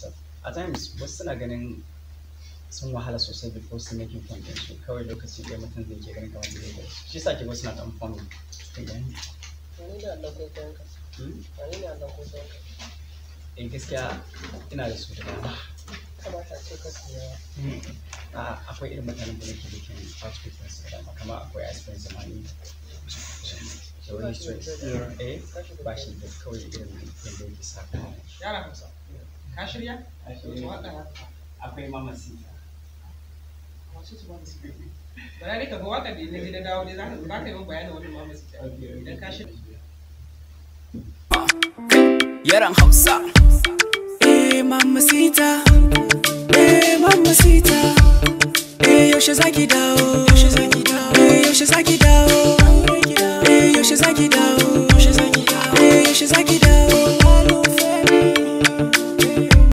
da a times wasu suna ganin sun wahala sosai before su making fun din su kawai lokaci ɗaya mutum zai ke ganin kamar da yake shi yasa ke wasu na ɗan fun ta gani wani da hmm? eh, gaskiya ina da su da dama hmm. akwai irin mutanen da nake bikin fast food din da dama kamar akwai ice zamani da wani stress eh ba shi da kawai irin yadda yake sa yara musa ka shirya waka akwai mama sita wace ce mama sita bara ne ka waka da na dawo dai zaka zaka yi min bayanin wannan mama idan ka shirya yaran hausa eh Mamasita. sita eh mama sita eh yaushe zaki dawo yaushe zaki dawo eh yaushe zaki dawo eh yaushe zaki dawo yaushe zaki dawo eh yaushe zaki dawo